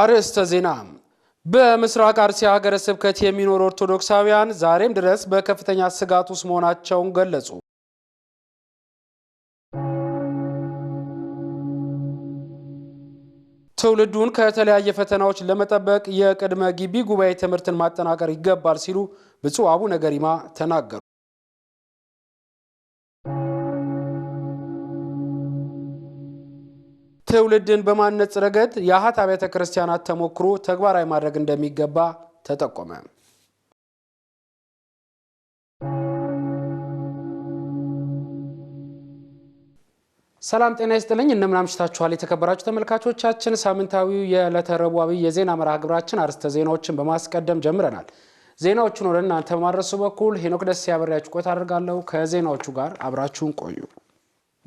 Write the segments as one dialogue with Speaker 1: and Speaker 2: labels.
Speaker 1: አርዕስተ ዜና። በምስራቅ አርሲ ሀገረ ስብከት የሚኖሩ ኦርቶዶክሳውያን ዛሬም ድረስ በከፍተኛ ስጋት ውስጥ መሆናቸውን ገለጹ። ትውልዱን ከተለያየ ፈተናዎች ለመጠበቅ የቅድመ ግቢ ጉባኤ ትምህርትን ማጠናቀር ይገባል ሲሉ ብፁዕ አቡነ ገሪማ ተናገሩ። ትውልድን በማነጽ ረገድ የአሃት አብያተ ክርስቲያናት ተሞክሮ ተግባራዊ ማድረግ እንደሚገባ ተጠቆመ። ሰላም ጤና ይስጥልኝ። እንደምን አምሽታችኋል? የተከበራችሁ ተመልካቾቻችን ሳምንታዊው የዕለተ ረቡዕ አብይ የዜና መርሃ ግብራችን አርዕስተ ዜናዎችን በማስቀደም ጀምረናል። ዜናዎቹን ወደ እናንተ በማድረሱ በኩል ሄኖክ ደስ ያበሪያችሁ ቆይታ አድርጋለሁ። ከዜናዎቹ ጋር አብራችሁን ቆዩ።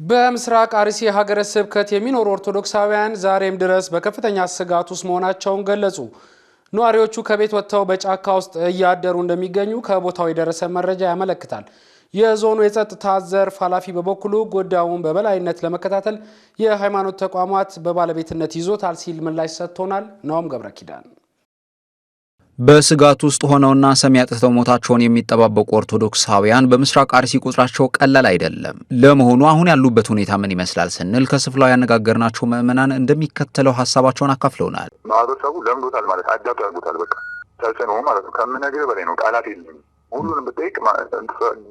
Speaker 1: በምስራቅ አርሲ ሀገረ ስብከት የሚኖሩ ኦርቶዶክሳውያን ዛሬም ድረስ በከፍተኛ ስጋት ውስጥ መሆናቸውን ገለጹ። ነዋሪዎቹ ከቤት ወጥተው በጫካ ውስጥ እያደሩ እንደሚገኙ ከቦታው የደረሰ መረጃ ያመለክታል። የዞኑ የጸጥታ ዘርፍ ኃላፊ በበኩሉ ጉዳዩን በበላይነት ለመከታተል የሃይማኖት ተቋማት በባለቤትነት ይዞታል ሲል ምላሽ ሰጥቶናል። ነውም ገብረ ኪዳን በስጋት ውስጥ ሆነውና ሰሚ አጥተው ሞታቸውን የሚጠባበቁ ኦርቶዶክሳውያን በምስራቅ አርሲ ቁጥራቸው ቀላል አይደለም። ለመሆኑ አሁን ያሉበት ሁኔታ ምን ይመስላል ስንል ከስፍራው ያነጋገርናቸው ምዕመናን እንደሚከተለው ሀሳባቸውን አካፍለውናል።
Speaker 2: ማህበረሰቡ ለምዶታል ማለት አዳፕት ያርጉታል። በቃ ተጽዕኖ ማለት ነው። ከምነግር በላይ ነው። ቃላት የለም። ሁሉንም ብጠይቅ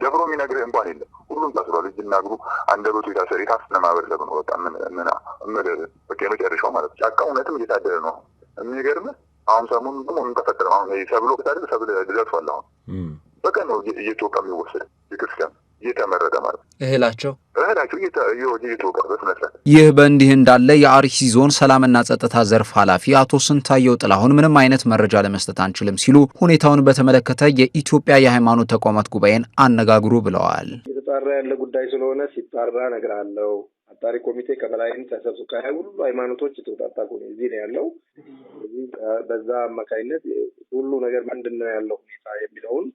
Speaker 2: ደፍሮ የሚነግር እንኳን የለም። ሁሉም ታስሯል። እጅና እግሩ አንደበቱ የታሰረ የታፈነ ማህበረሰብ ነው። በቃ ምን ምና የመጨረሻው ማለት ነው። ጫካ እውነትም እየታደረ ነው። የሚገርምህ አሁን ሰሞኑን ደግሞ ምን ተፈጠረ? አሁን ሰብሎ ወቅት አይደል? ሰብል ደርሷል። አሁን በቀን ነው እየተወቃ የሚወሰድ ቤተክርስቲያን እየተመረጠ ማለት እህላቸው እህላቸው እየተወቃ በስነስርዓት።
Speaker 1: ይህ በእንዲህ እንዳለ የአርሲ ዞን ሰላምና ጸጥታ ዘርፍ ኃላፊ አቶ ስንታየው ጥላሁን ምንም አይነት መረጃ ለመስጠት አንችልም ሲሉ ሁኔታውን በተመለከተ የኢትዮጵያ የሃይማኖት ተቋማት ጉባኤን አነጋግሩ ብለዋል።
Speaker 2: እየተጣራ ያለ ጉዳይ ስለሆነ ሲጣራ እነግርሃለሁ አጣሪ ኮሚቴ ከበላይም ተሰብስቦ ከሁሉ ሃይማኖቶች የተውጣጣ እዚህ ነው ያለው። በዛ አማካኝነት ሁሉ ነገር ምንድን ነው ያለው ሁኔታ የሚለውን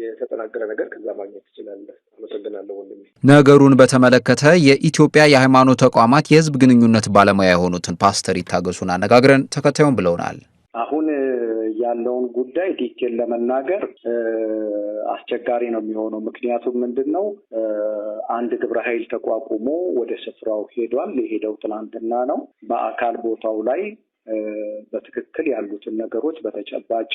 Speaker 2: የተጠናቀረ ነገር ከዛ ማግኘት ትችላለህ። አመሰግናለሁ
Speaker 1: ወንድሜ። ነገሩን በተመለከተ የኢትዮጵያ የሃይማኖት ተቋማት የህዝብ ግንኙነት ባለሙያ የሆኑትን ፓስተር ይታገሱን አነጋግረን ተከታዩን ብለውናል።
Speaker 2: አሁን ያለውን ጉዳይ ዲቴል ለመናገር አስቸጋሪ ነው የሚሆነው። ምክንያቱም ምንድን ነው አንድ ግብረ ኃይል ተቋቁሞ ወደ ስፍራው ሄዷል። የሄደው ትናንትና ነው። በአካል ቦታው ላይ በትክክል ያሉትን ነገሮች በተጨባጭ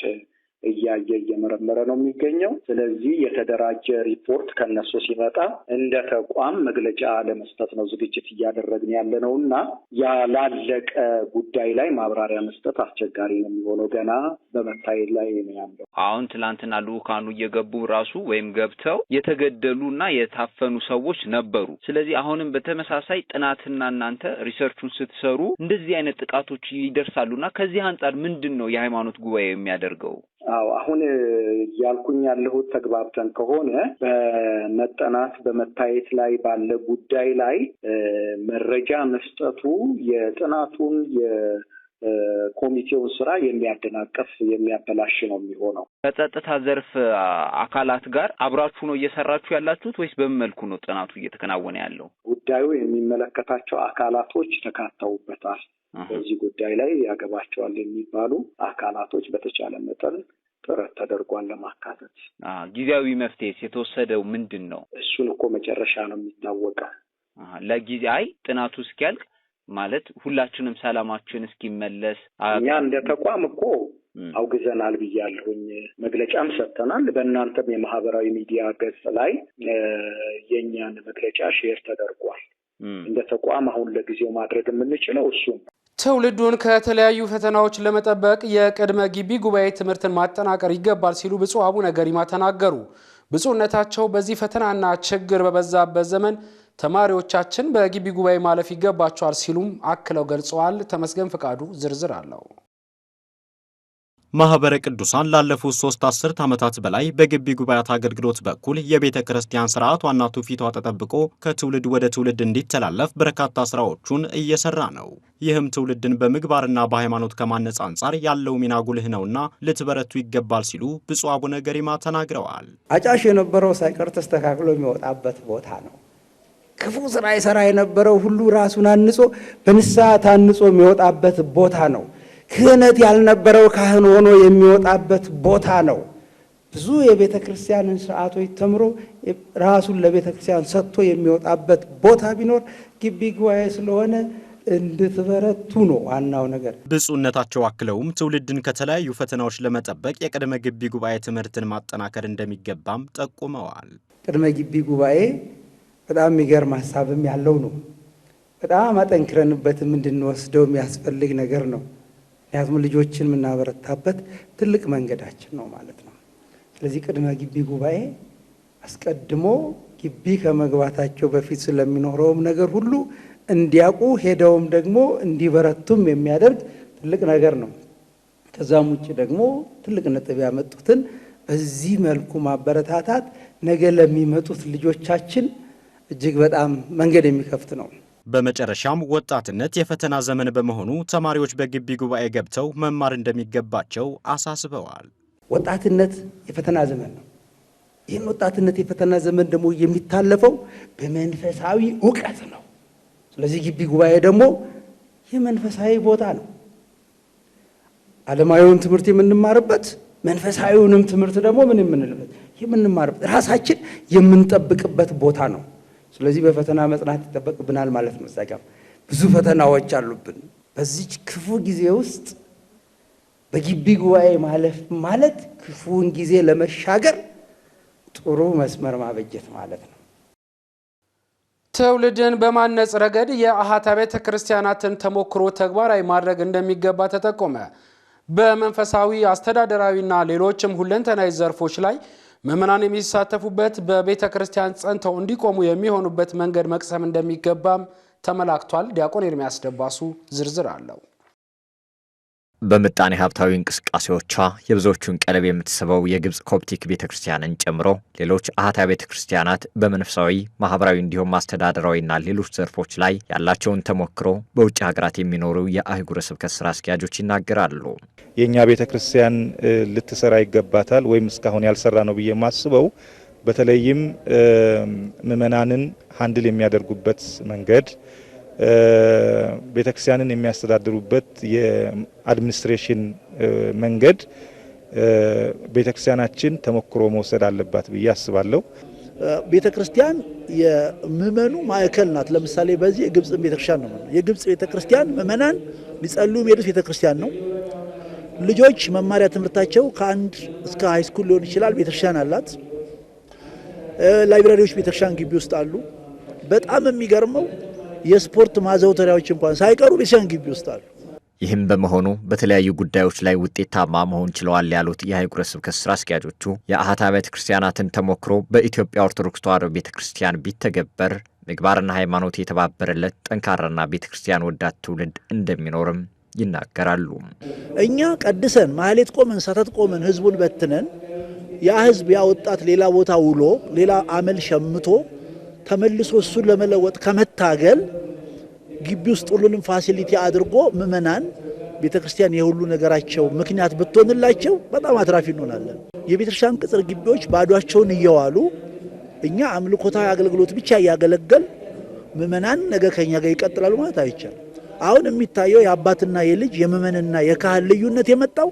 Speaker 2: እያየ እየመረመረ ነው የሚገኘው። ስለዚህ የተደራጀ ሪፖርት ከነሱ ሲመጣ እንደ ተቋም መግለጫ ለመስጠት ነው ዝግጅት እያደረግን ያለ ነው እና ያላለቀ ጉዳይ ላይ ማብራሪያ መስጠት አስቸጋሪ ነው የሚሆነው። ገና በመታየት ላይ ነው ያለው።
Speaker 1: አሁን ትላንትና ልኡካኑ እየገቡ ራሱ ወይም ገብተው የተገደሉ እና የታፈኑ ሰዎች ነበሩ። ስለዚህ አሁንም በተመሳሳይ ጥናትና እናንተ ሪሰርቹን ስትሰሩ እንደዚህ አይነት ጥቃቶች እና ከዚህ አንጻር ምንድን ነው የሃይማኖት ጉባኤ የሚያደርገው?
Speaker 2: አዎ አሁን እያልኩኝ ያለሁት ተግባብተን ከሆነ በመጠናት በመታየት ላይ ባለ ጉዳይ ላይ መረጃ መስጠቱ የጥናቱን የኮሚቴውን ስራ የሚያደናቀፍ የሚያበላሽ ነው የሚሆነው።
Speaker 1: ከጸጥታ ዘርፍ አካላት ጋር አብራችሁ ነው እየሰራችሁ ያላችሁት ወይስ በምን መልኩ ነው ጥናቱ እየተከናወነ ያለው?
Speaker 2: ጉዳዩ የሚመለከታቸው አካላቶች ተካተውበታል። በዚህ ጉዳይ ላይ ያገባቸዋል የሚባሉ አካላቶች በተቻለ መጠን ጥረት ተደርጓል ለማካተት።
Speaker 1: ጊዜያዊ መፍትሄስ የተወሰደው ምንድን ነው?
Speaker 2: እሱን እኮ መጨረሻ ነው የሚታወቀ
Speaker 1: ለጊዜ አይ ጥናቱ እስኪያልቅ ማለት ሁላችንም ሰላማችን እስኪመለስ
Speaker 2: እኛ እንደ ተቋም እኮ አውግዘናል ብያለሁኝ። መግለጫም ሰጥተናል። በእናንተም የማህበራዊ ሚዲያ ገጽ ላይ የእኛን መግለጫ ሼር ተደርጓል። እንደ ተቋም አሁን ለጊዜው ማድረግ የምንችለው እሱም
Speaker 1: ትውልዱን ከተለያዩ ፈተናዎች ለመጠበቅ የቅድመ ግቢ ጉባኤ ትምህርትን ማጠናቀር ይገባል ሲሉ ብፁዕ አቡነ ገሪማ ተናገሩ። ብፁዕነታቸው በዚህ ፈተናና ችግር በበዛበት ዘመን ተማሪዎቻችን በግቢ ጉባኤ ማለፍ ይገባቸዋል ሲሉም አክለው ገልጸዋል። ተመስገን ፈቃዱ ዝርዝር አለው። ማህበረ ቅዱሳን ላለፉት ሶስት አስርት ዓመታት በላይ በግቢ ጉባኤያት አገልግሎት በኩል የቤተ ክርስቲያን ዋና ትውፊቷ ተጠብቆ ከትውልድ ወደ ትውልድ እንዲተላለፍ በርካታ ስራዎቹን እየሰራ ነው። ይህም ትውልድን በምግባርና በሃይማኖት ከማነጽ አንጻር ያለው ሚና ጉልህ ነውና ልትበረቱ ይገባል ሲሉ ብፁዕ አቡነ ገሪማ ተናግረዋል።
Speaker 2: አጫሽ የነበረው ሳይቀር ተስተካክሎ የሚወጣበት ቦታ ነው። ክፉ ስራ ይሰራ የነበረው ሁሉ ራሱን አንጾ በንስሐ ታንጾ የሚወጣበት ቦታ ነው። ክህነት ያልነበረው ካህን ሆኖ የሚወጣበት ቦታ ነው። ብዙ የቤተ ክርስቲያንን ስርዓቶች ተምሮ ራሱን ለቤተ ክርስቲያን ሰጥቶ የሚወጣበት ቦታ ቢኖር ግቢ ጉባኤ ስለሆነ እንድትበረቱ ነው ዋናው ነገር።
Speaker 1: ብፁዕነታቸው አክለውም ትውልድን ከተለያዩ ፈተናዎች ለመጠበቅ የቅድመ ግቢ ጉባኤ ትምህርትን ማጠናከር እንደሚገባም ጠቁመዋል።
Speaker 2: ቅድመ ግቢ ጉባኤ በጣም የሚገርም ሀሳብም ያለው ነው። በጣም አጠንክረንበትም እንድንወስደው የሚያስፈልግ ነገር ነው። ምክንያቱም ልጆችን የምናበረታበት ትልቅ መንገዳችን ነው ማለት ነው። ስለዚህ ቅድመ ግቢ ጉባኤ አስቀድሞ ግቢ ከመግባታቸው በፊት ስለሚኖረውም ነገር ሁሉ እንዲያውቁ ሄደውም ደግሞ እንዲበረቱም የሚያደርግ ትልቅ ነገር ነው። ከዛም ውጭ ደግሞ ትልቅ ነጥብ ያመጡትን በዚህ መልኩ ማበረታታት ነገ ለሚመጡት ልጆቻችን እጅግ በጣም መንገድ የሚከፍት ነው።
Speaker 1: በመጨረሻም ወጣትነት የፈተና ዘመን በመሆኑ ተማሪዎች በግቢ ጉባኤ ገብተው መማር እንደሚገባቸው አሳስበዋል።
Speaker 2: ወጣትነት የፈተና ዘመን ነው። ይህን ወጣትነት የፈተና ዘመን ደግሞ የሚታለፈው በመንፈሳዊ እውቀት ነው። ስለዚህ ግቢ ጉባኤ ደግሞ የመንፈሳዊ ቦታ ነው። ዓለማዊውን ትምህርት የምንማርበት መንፈሳዊውንም ትምህርት ደግሞ ምን የምንልበት የምንማርበት ራሳችን የምንጠብቅበት ቦታ ነው። ስለዚህ በፈተና መጽናት ይጠበቅብናል ማለት ነው። ጸጋም ብዙ ፈተናዎች አሉብን። በዚች ክፉ ጊዜ ውስጥ በግቢ ጉባኤ ማለፍ ማለት ክፉውን ጊዜ ለመሻገር ጥሩ መስመር ማበጀት ማለት ነው።
Speaker 1: ትውልድን በማነጽ ረገድ የአሃታ ቤተ ክርስቲያናትን ተሞክሮ ተግባራዊ ማድረግ እንደሚገባ ተጠቆመ። በመንፈሳዊ አስተዳደራዊና ሌሎችም ሁለንተናዊ ዘርፎች ላይ ምዕመናን የሚሳተፉበት በቤተ ክርስቲያን ጸንተው እንዲቆሙ የሚሆኑበት መንገድ መቅሰም እንደሚገባም ተመላክቷል። ዲያቆን ኤርሚያስ ደባሱ ዝርዝር አለው። በምጣኔ ሀብታዊ እንቅስቃሴዎቿ የብዙዎቹን ቀለብ የምትስበው የግብፅ ኮፕቲክ ቤተ ክርስቲያንን ጨምሮ ሌሎች አህታ ቤተ ክርስቲያናት በመንፈሳዊ ማህበራዊ፣ እንዲሁም አስተዳደራዊና ሌሎች ዘርፎች ላይ ያላቸውን ተሞክሮ በውጭ ሀገራት የሚኖሩ የአህጉረ ስብከት ስራ አስኪያጆች ይናገራሉ።
Speaker 3: የእኛ ቤተ ክርስቲያን ልትሰራ ይገባታል ወይም እስካሁን ያልሰራ ነው ብዬ የማስበው በተለይም ምእመናንን ሀንድል የሚያደርጉበት መንገድ ቤተክርስቲያንን የሚያስተዳድሩበት የአድሚኒስትሬሽን መንገድ ቤተክርስቲያናችን ተሞክሮ መውሰድ አለባት ብዬ አስባለሁ።
Speaker 2: ቤተክርስቲያን የምእመኑ ማዕከል ናት። ለምሳሌ በዚህ የግብፅን ቤተክርስቲያን ነው። የግብፅ ቤተክርስቲያን ምእመናን ሊጸሉ የሚሄዱት ቤተክርስቲያን ነው። ልጆች መማሪያ ትምህርታቸው ከአንድ እስከ ሃይስኩል ሊሆን ይችላል። ቤተክርስቲያን አላት። ላይብራሪዎች ቤተክርስቲያን ግቢ ውስጥ አሉ። በጣም የሚገርመው የስፖርት ማዘውተሪያዎች እንኳን ሳይቀሩ ቢሻን ግቢ ውስጥ አሉ።
Speaker 1: ይህም በመሆኑ በተለያዩ ጉዳዮች ላይ ውጤታማ መሆን ችለዋል ያሉት የአህጉረ ስብከት ስራ አስኪያጆቹ የአሃት ቤተ ክርስቲያናትን ተሞክሮ በኢትዮጵያ ኦርቶዶክስ ተዋሕዶ ቤተ ክርስቲያን ቢተገበር ምግባርና ሃይማኖት የተባበረለት ጠንካራና ቤተ ክርስቲያን ወዳት ትውልድ እንደሚኖርም ይናገራሉ።
Speaker 2: እኛ ቀድሰን ማህሌት ቆመን ሰተት ቆመን ህዝቡን በትነን ያ ህዝብ ያ ወጣት ሌላ ቦታ ውሎ ሌላ አመል ሸምቶ ተመልሶ እሱን ለመለወጥ ከመታገል ግቢ ውስጥ ሁሉንም ፋሲሊቲ አድርጎ ምእመናን ቤተ ክርስቲያን የሁሉ ነገራቸው ምክንያት ብትሆንላቸው በጣም አትራፊ እንሆናለን። የቤተክርስቲያን ቅጽር ግቢዎች ባዷቸውን እየዋሉ እኛ አምልኮታዊ አገልግሎት ብቻ እያገለገል ምእመናን ነገ ከኛ ጋር ይቀጥላሉ ማለት አይቻል። አሁን የሚታየው የአባትና የልጅ የምእመንና የካህን ልዩነት የመጣው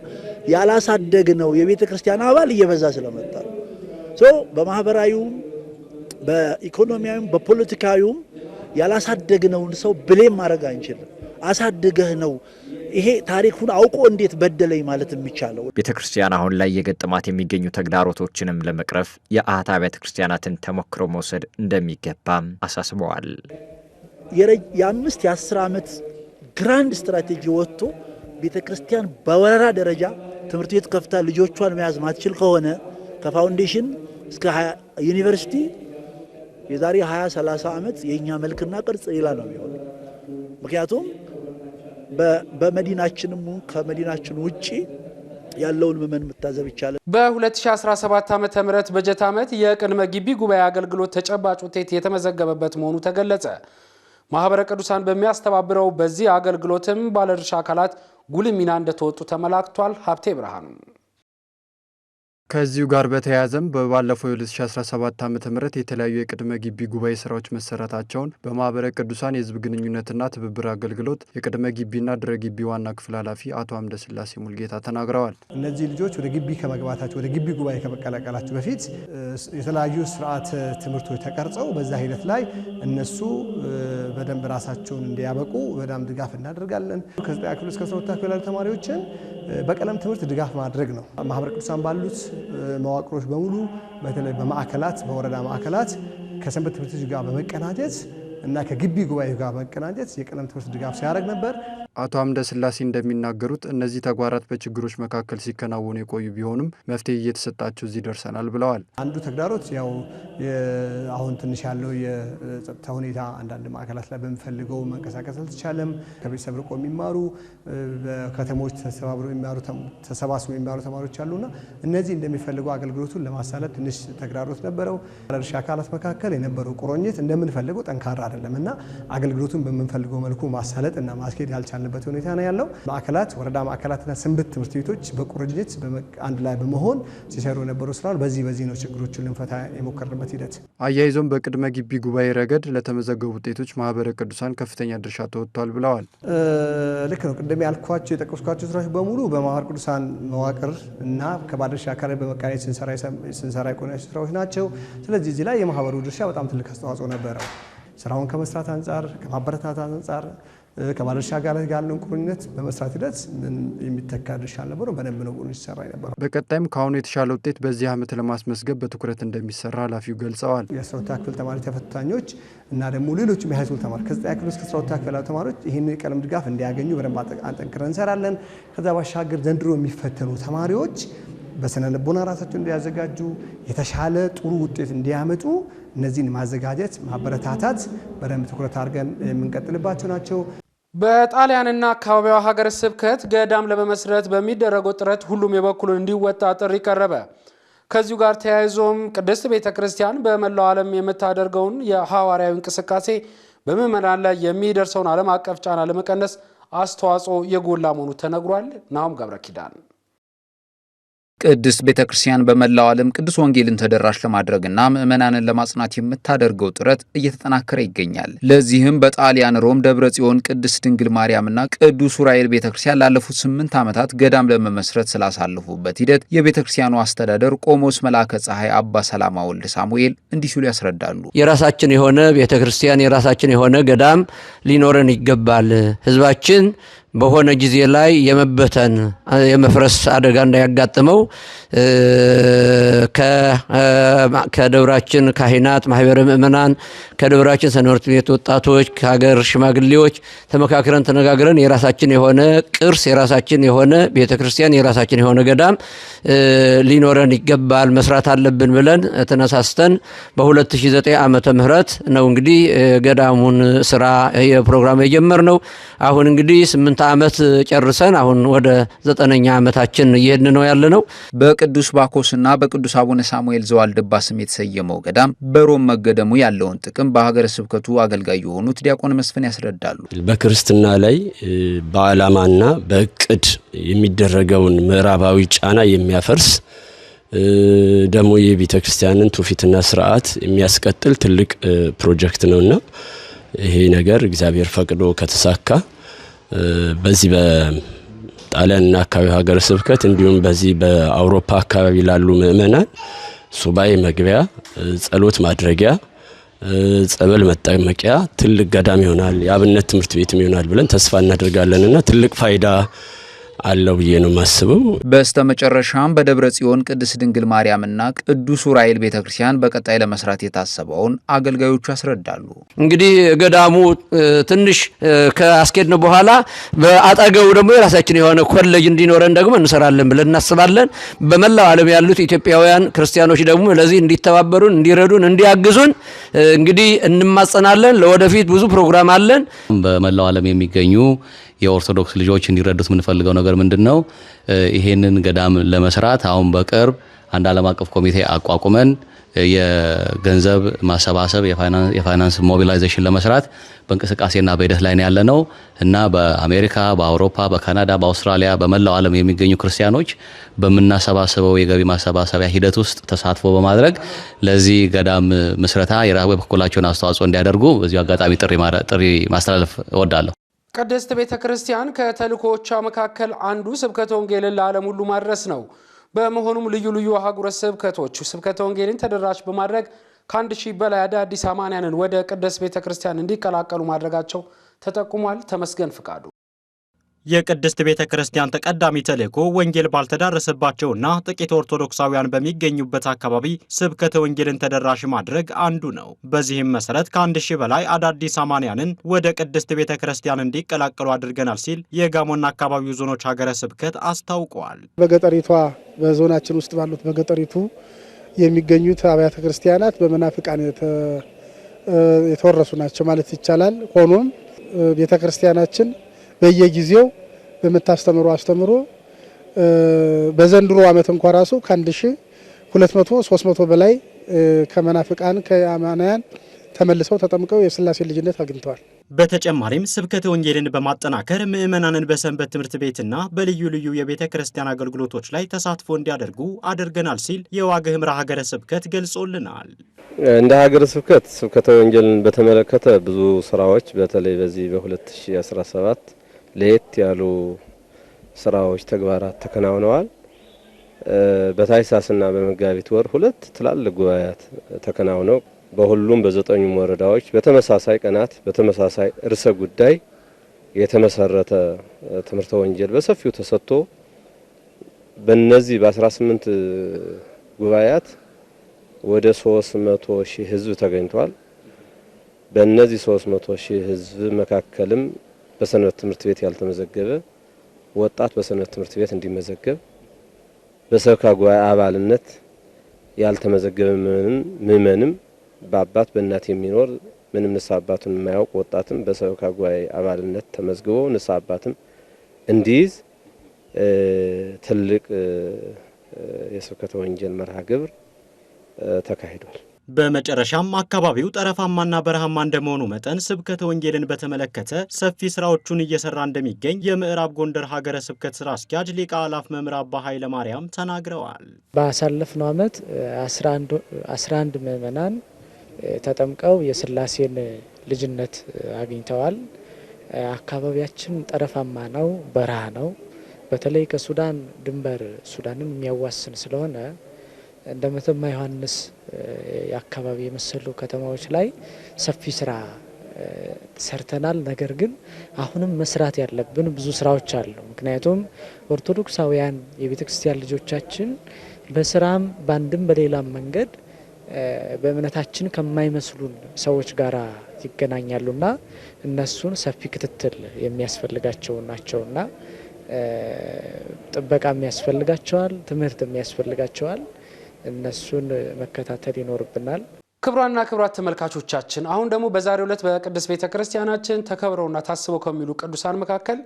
Speaker 2: ያላሳደግ የቤተ ክርስቲያን አባል እየበዛ ስለመጣ ነው። በማህበራዊውም በኢኮኖሚያዊም በፖለቲካዊውም ያላሳደግነውን ሰው ብሌም ማድረግ አንችልም። አሳድገህ ነው ይሄ ታሪኩን አውቆ እንዴት በደለኝ ማለት የሚቻለው።
Speaker 1: ቤተ ክርስቲያን አሁን ላይ የገጠማት የሚገኙ ተግዳሮቶችንም ለመቅረፍ የአህት አብያተ ክርስቲያናትን ተሞክሮ መውሰድ እንደሚገባም አሳስበዋል።
Speaker 2: የአምስት የአስር ዓመት ግራንድ ስትራቴጂ ወጥቶ ቤተ ክርስቲያን በወረራ ደረጃ ትምህርት ቤት ከፍታ ልጆቿን መያዝ ማትችል ከሆነ ከፋውንዴሽን እስከ ዩኒቨርሲቲ የዛሬ 20 30 ዓመት የእኛ መልክና ቅርጽ ሌላ ነው የሚሆነው። ምክንያቱም በመዲናችንም ከመዲናችን ውጪ ያለውን ምመን መታዘብ ይቻላል።
Speaker 1: በ2017 ዓ ም በጀት ዓመት የቅድመ ግቢ ጉባኤ አገልግሎት ተጨባጭ ውጤት የተመዘገበበት መሆኑ ተገለጸ። ማህበረ ቅዱሳን በሚያስተባብረው በዚህ አገልግሎትም ባለድርሻ አካላት ጉልህ ሚና እንደተወጡ ተመላክቷል። ሀብቴ ብርሃኑ
Speaker 3: ከዚሁ ጋር በተያያዘም በባለፈው የ2017 ዓ ም የተለያዩ የቅድመ ግቢ ጉባኤ ስራዎች መሰረታቸውን በማህበረ ቅዱሳን የህዝብ ግንኙነትና ትብብር አገልግሎት የቅድመ ግቢና ድረ ግቢ ዋና ክፍል ኃላፊ አቶ አምደ ስላሴ ሙልጌታ ተናግረዋል።
Speaker 2: እነዚህ ልጆች ወደ ግቢ ከመግባታቸው ወደ ግቢ ጉባኤ ከመቀላቀላቸው በፊት የተለያዩ ስርዓት ትምህርቶች ተቀርጸው በዛ ሂደት ላይ እነሱ በደንብ ራሳቸውን እንዲያበቁ በደንብ ድጋፍ እናደርጋለን። ከ9 ክፍል እስከ 12 ክፍል ተማሪዎችን በቀለም ትምህርት ድጋፍ ማድረግ ነው። ማህበረ ቅዱሳን ባሉት መዋቅሮች በሙሉ በተለይ በማዕከላት በወረዳ ማዕከላት ከሰንበት ትምህርት ጋር በመቀናጀት እና ከግቢ ጉባኤ ጋር በመቀናጀት የቀለም ትምህርት ድጋፍ ሲያደርግ ነበር።
Speaker 3: አቶ አምደ ስላሴ እንደሚናገሩት እነዚህ ተግባራት በችግሮች መካከል ሲከናወኑ የቆዩ ቢሆንም መፍትሄ እየተሰጣቸው እዚህ ደርሰናል ብለዋል።
Speaker 2: አንዱ ተግዳሮት ያው አሁን ትንሽ ያለው የጸጥታ ሁኔታ አንዳንድ ማዕከላት ላይ በሚፈልገው መንቀሳቀስ አልተቻለም። ከቤተሰብ ርቆ የሚማሩ በከተሞች ተሰባስበው የሚማሩ ተማሪዎች አሉና እነዚህ እንደሚፈልገው አገልግሎቱን ለማሳለት ትንሽ ተግዳሮት ነበረው። ባለድርሻ አካላት መካከል የነበረው ቁርኝት እንደምንፈልገው ጠንካራ አይደለም እና አገልግሎቱን በምንፈልገው መልኩ ማሳለጥ እና ማስኬድ ያልቻለ ያለበት ሁኔታ ነው ያለው። ማዕከላት ወረዳ ማዕከላትና ስንብት ትምህርት ቤቶች በቁርኝት አንድ ላይ በመሆን ሲሰሩ የነበሩ ስራል በዚህ በዚህ ነው ችግሮችን ልንፈታ የሞከርንበት ሂደት።
Speaker 3: አያይዞም በቅድመ ግቢ ጉባኤ ረገድ ለተመዘገቡ ውጤቶች ማህበረ ቅዱሳን ከፍተኛ ድርሻ ተወጥቷል ብለዋል።
Speaker 2: ልክ ነው። ቅድም ያልኳቸው የጠቀስኳቸው ስራዎች በሙሉ በማህበረ ቅዱሳን መዋቅር እና ከባለድርሻ አካላት በመቃኘት ስንሰራ የቆዩ ስራዎች ናቸው። ስለዚህ እዚህ ላይ የማህበሩ ድርሻ በጣም ትልቅ አስተዋጽኦ ነበረው። ስራውን ከመስራት አንጻር ከማበረታታት አንጻር ከባለድርሻ ጋር ያለውን ቁርኝነት በመስራት ሂደት ምን የሚተካ ድርሻ አልነበረው፣ በደንብ ነው ሲሰራ የነበረው።
Speaker 3: በቀጣይም ከአሁኑ የተሻለ ውጤት በዚህ ዓመት ለማስመዝገብ በትኩረት እንደሚሰራ ኃላፊው ገልጸዋል።
Speaker 2: የአስራሁለተኛ ክፍል ተማሪ ተፈታኞች እና ደግሞ ሌሎችም የሃይስኩል ተማሪ ከዘጠነኛ ክፍል እስከ አስራሁለተኛ ክፍል ያሉ ተማሪዎች ይህን የቀለም ድጋፍ እንዲያገኙ በደንብ አንጠንክረን እንሰራለን። ከዛ ባሻገር ዘንድሮ የሚፈተኑ ተማሪዎች በስነ ልቦና ራሳቸው እንዲያዘጋጁ የተሻለ ጥሩ ውጤት እንዲያመጡ እነዚህን ማዘጋጀት ማበረታታት በደንብ ትኩረት አድርገን የምንቀጥልባቸው ናቸው።
Speaker 1: በጣሊያንና አካባቢዋ ሀገረ ስብከት ገዳም ለመመስረት በሚደረገው ጥረት ሁሉም የበኩሉን እንዲወጣ ጥሪ ቀረበ። ከዚሁ ጋር ተያይዞም ቅድስት ቤተ ክርስቲያን በመላው ዓለም የምታደርገውን የሐዋርያዊ እንቅስቃሴ በምዕመናን ላይ የሚደርሰውን ዓለም አቀፍ ጫና ለመቀነስ አስተዋጽኦ የጎላ መሆኑ ተነግሯል። ናሁም ገብረ ኪዳን ቅድስት ቤተ ክርስቲያን በመላው ዓለም ቅዱስ ወንጌልን ተደራሽ ለማድረግና ምዕመናንን ለማጽናት የምታደርገው ጥረት እየተጠናከረ ይገኛል። ለዚህም በጣሊያን ሮም ደብረ ጽዮን ቅድስት ድንግል ማርያምና ቅዱስ ራኤል ቤተ ክርስቲያን ላለፉት ስምንት ዓመታት ገዳም ለመመስረት ስላሳለፉበት ሂደት የቤተ ክርስቲያኑ አስተዳደር ቆሞስ መልአከ ፀሐይ አባ ሰላማ ወልድ ሳሙኤል እንዲህ ሲሉ ያስረዳሉ።
Speaker 4: የራሳችን የሆነ ቤተ ክርስቲያን የራሳችን የሆነ ገዳም ሊኖረን ይገባል። ህዝባችን በሆነ ጊዜ ላይ የመበተን የመፍረስ አደጋ እንዳያጋጥመው ከደብራችን ካህናት፣ ማህበረ ምእመናን፣ ከደብራችን ትምህርት ቤት ወጣቶች፣ ከሀገር ሽማግሌዎች ተመካክረን ተነጋግረን የራሳችን የሆነ ቅርስ የራሳችን የሆነ ቤተ ክርስቲያን የራሳችን የሆነ ገዳም ሊኖረን ይገባል መስራት አለብን ብለን ተነሳስተን በ2009 ዓመተ ምህረት ነው እንግዲህ ገዳሙን ስራ የፕሮግራም የጀመርነው። አሁን እንግዲህ ስምንት ዓመት ጨርሰን አሁን ወደ ዘጠነኛ ዓመታችን እየሄድን ነው ያለ ነው።
Speaker 1: በቅዱስ ባኮስና በቅዱስ አቡነ ሳሙኤል ዘዋልድባ ስም የተሰየመው ገዳም በሮም መገደሙ ያለውን ጥቅም በሀገረ ስብከቱ አገልጋይ የሆኑት ዲያቆን መስፍን ያስረዳሉ።
Speaker 5: በክርስትና ላይ በዓላማና በእቅድ የሚደረገውን ምዕራባዊ ጫና የሚያፈርስ ደግሞ የቤተ ክርስቲያንን ትውፊትና ስርዓት የሚያስቀጥል ትልቅ ፕሮጀክት ነውና ይሄ ነገር እግዚአብሔር ፈቅዶ ከተሳካ በዚህ ጣሊያንና አካባቢ ሀገረ ስብከት እንዲሁም በዚህ በአውሮፓ አካባቢ ላሉ ምእመናን ሱባኤ መግቢያ፣ ጸሎት ማድረጊያ፣ ጸበል መጠመቂያ ትልቅ ገዳም ይሆናል፣ የአብነት ትምህርት ቤትም ይሆናል ብለን ተስፋ እናደርጋለንና ትልቅ ፋይዳ አለው ብዬ ነው የማስበው።
Speaker 1: በስተመጨረሻም በደብረ ጽዮን ቅድስት ድንግል ማርያምና ቅዱስ ዑራኤል ቤተ ክርስቲያን በቀጣይ ለመስራት የታሰበውን አገልጋዮቹ ያስረዳሉ።
Speaker 4: እንግዲህ ገዳሙ ትንሽ ከአስኬድን በኋላ በአጠገቡ ደግሞ የራሳችን የሆነ ኮሌጅ እንዲኖረን ደግሞ እንሰራለን ብለን እናስባለን። በመላው ዓለም ያሉት ኢትዮጵያውያን ክርስቲያኖች ደግሞ ለዚህ እንዲተባበሩን፣ እንዲረዱን፣ እንዲያግዙን እንግዲህ እንማጸናለን። ለወደፊት ብዙ ፕሮግራም አለን።
Speaker 5: በመላው ዓለም የሚገኙ የኦርቶዶክስ ልጆች እንዲረዱት የምንፈልገው ነገር ምንድን ነው? ይሄንን ገዳም ለመስራት አሁን በቅርብ አንድ ዓለም አቀፍ ኮሚቴ አቋቁመን የገንዘብ ማሰባሰብ የፋይናንስ ሞቢላይዜሽን ለመስራት በእንቅስቃሴና በሂደት ላይ ያለ ነው እና በአሜሪካ፣ በአውሮፓ፣ በካናዳ፣ በአውስትራሊያ በመላው ዓለም የሚገኙ ክርስቲያኖች በምናሰባስበው የገቢ ማሰባሰቢያ ሂደት ውስጥ ተሳትፎ በማድረግ ለዚህ ገዳም ምስረታ የበኩላቸውን አስተዋጽኦ እንዲያደርጉ በዚሁ አጋጣሚ ጥሪ ማስተላለፍ እወዳለሁ።
Speaker 1: ቅድስት ቤተ ክርስቲያን ከተልእኮዎቿ መካከል አንዱ ስብከተ ወንጌልን ለዓለም ሁሉ ማድረስ ነው። በመሆኑም ልዩ ልዩ አህጉረ ስብከቶች ስብከተ ወንጌልን ተደራሽ በማድረግ ከአንድ ሺህ በላይ አዳዲስ አማንያንን ወደ ቅድስት ቤተ ክርስቲያን እንዲቀላቀሉ ማድረጋቸው ተጠቁሟል። ተመስገን ፍቃዱ የቅድስት ቤተ ክርስቲያን ተቀዳሚ ተልእኮ ወንጌል ባልተዳረሰባቸውና ጥቂት ኦርቶዶክሳውያን በሚገኙበት አካባቢ ስብከተ ወንጌልን ተደራሽ ማድረግ አንዱ ነው። በዚህም መሰረት ከአንድ ሺህ በላይ አዳዲስ አማንያንን ወደ ቅድስት ቤተ ክርስቲያን እንዲቀላቀሉ አድርገናል ሲል የጋሞና አካባቢው ዞኖች ሀገረ ስብከት አስታውቀዋል።
Speaker 2: በገጠሪቷ በዞናችን ውስጥ ባሉት በገጠሪቱ የሚገኙት አብያተ ክርስቲያናት በመናፍቃን የተወረሱ ናቸው ማለት ይቻላል። ሆኖም ቤተ ክርስቲያናችን በየጊዜው በምታስተምሩ አስተምሮ በዘንድሮ ዓመት እንኳ ራሱ ከ1200 300 በላይ ከመናፍቃን ከአማናያን ተመልሰው ተጠምቀው የስላሴ ልጅነት አግኝተዋል።
Speaker 1: በተጨማሪም ስብከተ ወንጌልን በማጠናከር ምዕመናንን በሰንበት ትምህርት ቤትና በልዩ ልዩ የቤተ ክርስቲያን አገልግሎቶች ላይ ተሳትፎ እንዲያደርጉ አድርገናል ሲል የዋግ ኽምራ ሀገረ ስብከት ገልጾልናል።
Speaker 6: እንደ ሀገረ ስብከት ስብከተ ወንጌልን በተመለከተ ብዙ ስራዎች በተለይ በዚህ በ2017 ለየት ያሉ ስራዎች፣ ተግባራት ተከናውነዋል። በታይሳስና በመጋቢት ወር ሁለት ትላልቅ ጉባኤያት ተከናውነው በሁሉም በዘጠኙም ወረዳዎች በተመሳሳይ ቀናት በተመሳሳይ ርዕሰ ጉዳይ የተመሰረተ ትምህርተ ወንጌል በሰፊው ተሰጥቶ በነዚህ በ18 ጉባኤያት ወደ 300 ሺህ ህዝብ ተገኝቷል። በእነዚህ 300 ሺህ ህዝብ መካከልም በሰነድ ትምህርት ቤት ያልተመዘገበ ወጣት በሰነድ ትምህርት ቤት እንዲመዘገብ፣ በሰበካ ጉባኤ አባልነት ያልተመዘገበ ምእመንም በአባት በእናት የሚኖር ምንም ንስሐ አባቱን የማያውቅ ወጣትም በሰበካ ጉባኤ አባልነት ተመዝግቦ ንስሐ አባትም እንዲይዝ ትልቅ የስብከተ ወንጌል መርሃ ግብር ተካሂዷል።
Speaker 1: በመጨረሻም አካባቢው ጠረፋማና በረሃማ እንደመሆኑ መጠን ስብከተ ወንጌልን በተመለከተ ሰፊ ስራዎቹን እየሰራ እንደሚገኝ የምዕራብ ጎንደር ሀገረ ስብከት ስራ አስኪያጅ ሊቀ አላፍ መምህር አባ ኃይለ ማርያም ተናግረዋል።
Speaker 7: ባሳለፍነው ዓመት 11 ምዕመናን ተጠምቀው የስላሴን ልጅነት አግኝተዋል። አካባቢያችን ጠረፋማ ነው፣ በረሃ ነው። በተለይ ከሱዳን ድንበር ሱዳንን የሚያዋስን ስለሆነ እንደ መተማ ዮሐንስ የአካባቢ የመሰሉ ከተማዎች ላይ ሰፊ ስራ ሰርተናል። ነገር ግን አሁንም መስራት ያለብን ብዙ ስራዎች አሉ። ምክንያቱም ኦርቶዶክሳውያን የቤተ ክርስቲያን ልጆቻችን በስራም በአንድም በሌላም መንገድ በእምነታችን ከማይመስሉን ሰዎች ጋር ይገናኛሉና እነሱን ሰፊ ክትትል የሚያስፈልጋቸው ናቸውና ጥበቃም ያስፈልጋቸዋል፣ ትምህርትም ያስፈልጋቸዋል። እነሱን መከታተል ይኖርብናል።
Speaker 1: ክቡራንና ክቡራት ተመልካቾቻችን አሁን ደግሞ በዛሬው ዕለት በቅድስት ቤተ ክርስቲያናችን ተከብረውና ታስበው ከሚሉ ቅዱሳን መካከል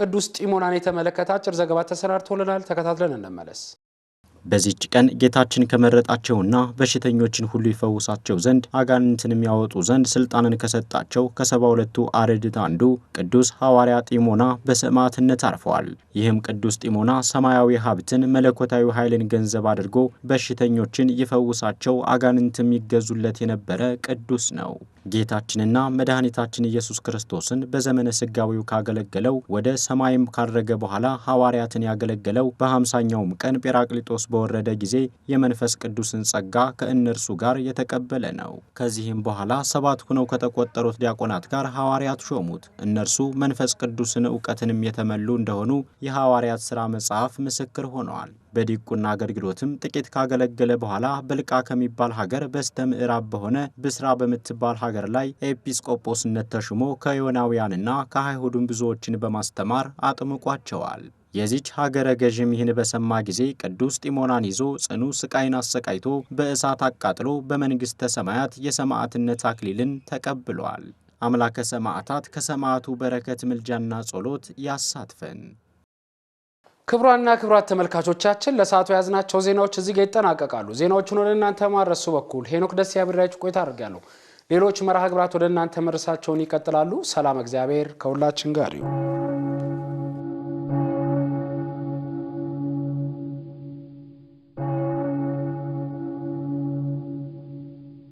Speaker 1: ቅዱስ ጢሞናን የተመለከተ አጭር ዘገባ ተሰናድቶልናል። ተከታትለን እንመለስ። በዚች ቀን ጌታችን ከመረጣቸውና በሽተኞችን ሁሉ ይፈውሳቸው ዘንድ አጋንንትንም ያወጡ ዘንድ ስልጣንን ከሰጣቸው ከሰባ ሁለቱ አርድእት አንዱ ቅዱስ ሐዋርያ ጢሞና በሰማዕትነት አርፈዋል። ይህም ቅዱስ ጢሞና ሰማያዊ ሀብትን መለኮታዊ ኃይልን ገንዘብ አድርጎ በሽተኞችን ይፈውሳቸው አጋንንትም ይገዙለት የነበረ ቅዱስ ነው። ጌታችንና መድኃኒታችን ኢየሱስ ክርስቶስን በዘመነ ስጋዊው ካገለገለው ወደ ሰማይም ካረገ በኋላ ሐዋርያትን ያገለገለው በሀምሳኛውም ቀን ጴራቅሊጦስ በወረደ ጊዜ የመንፈስ ቅዱስን ጸጋ ከእነርሱ ጋር የተቀበለ ነው። ከዚህም በኋላ ሰባት ሁነው ከተቆጠሩት ዲያቆናት ጋር ሐዋርያት ሾሙት። እነርሱ መንፈስ ቅዱስን እውቀትንም የተመሉ እንደሆኑ የሐዋርያት ሥራ መጽሐፍ ምስክር ሆነዋል። በዲቁና አገልግሎትም ጥቂት ካገለገለ በኋላ በልቃ ከሚባል ሀገር በስተ ምዕራብ በሆነ ብስራ በምትባል ሀገር ላይ ኤጲስቆጶስነት ተሹሞ ከዮናውያንና ከአይሁዱን ብዙዎችን በማስተማር አጥምቋቸዋል። የዚች ሀገረ ገዥም ይህን በሰማ ጊዜ ቅዱስ ጢሞናን ይዞ ጽኑ ስቃይን አሰቃይቶ በእሳት አቃጥሎ በመንግሥተ ሰማያት የሰማዕትነት አክሊልን ተቀብሏል። አምላከ ሰማዕታት ከሰማዕቱ በረከት ምልጃና ጸሎት ያሳትፈን። ክብሯና ክቡራት ተመልካቾቻችን ለሰዓቱ የያዝናቸው ዜናዎች እዚህ ጋር ይጠናቀቃሉ። ዜናዎቹን ወደ እናንተ ማድረሱ በኩል ሄኖክ ደስ ያብራችሁ ቆይታ አድርጋለሁ። ሌሎች መርሃ ግብራት ወደ እናንተ መድረሳቸውን ይቀጥላሉ። ሰላም፣ እግዚአብሔር ከሁላችን ጋር ይሁን።